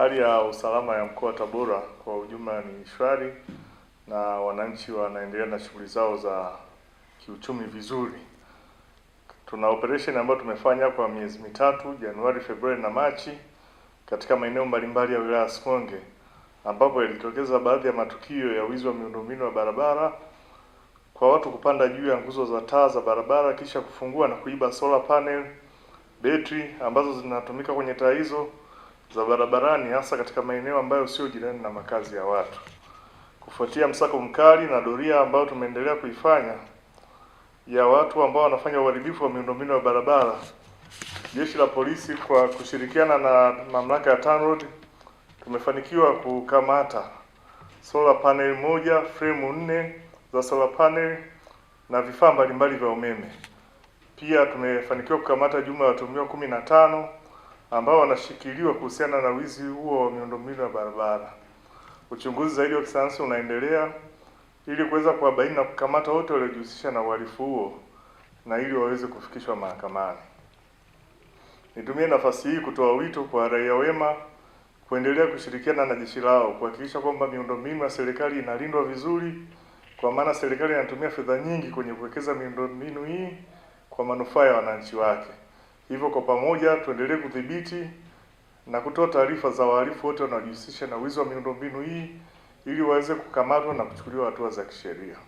Hali ya usalama ya mkoa wa Tabora kwa ujumla ni shwari na wananchi wanaendelea na shughuli zao za kiuchumi vizuri. Tuna operation ambayo tumefanya kwa miezi mitatu, Januari, Februari na Machi katika maeneo mbalimbali ya wilaya ya Sikonge ambapo yalitokeza baadhi ya matukio ya wizi wa miundombinu ya barabara kwa watu kupanda juu ya nguzo za taa za barabara kisha kufungua na kuiba solar panel, betri ambazo zinatumika kwenye taa hizo za barabarani hasa katika maeneo ambayo sio jirani na makazi ya watu. Kufuatia msako mkali na doria ambayo tumeendelea kuifanya ya watu ambao wanafanya uharibifu wa miundombinu ya barabara, jeshi la polisi kwa kushirikiana na mamlaka ya TANROADS tumefanikiwa kukamata solar panel moja, fremu nne za solar panel na vifaa mbalimbali vya umeme. Pia tumefanikiwa kukamata jumla ya watuhumiwa kumi na tano ambao wanashikiliwa kuhusiana na wizi huo wa miundombinu ya barabara. Uchunguzi zaidi wa kisayansi unaendelea ili kuweza kuwabaini na kukamata wote waliojihusisha na uhalifu huo na ili waweze kufikishwa mahakamani. Nitumie nafasi hii kutoa wito kwa raia wema kuendelea kushirikiana na jeshi lao kuhakikisha kwamba miundombinu ya serikali inalindwa vizuri, kwa maana serikali inatumia fedha nyingi kwenye kuwekeza miundombinu hii kwa manufaa ya wananchi wake. Hivyo kwa pamoja tuendelee kudhibiti na kutoa taarifa za wahalifu wote wanaojihusisha na wizi wa miundombinu hii ili waweze kukamatwa na kuchukuliwa hatua za kisheria.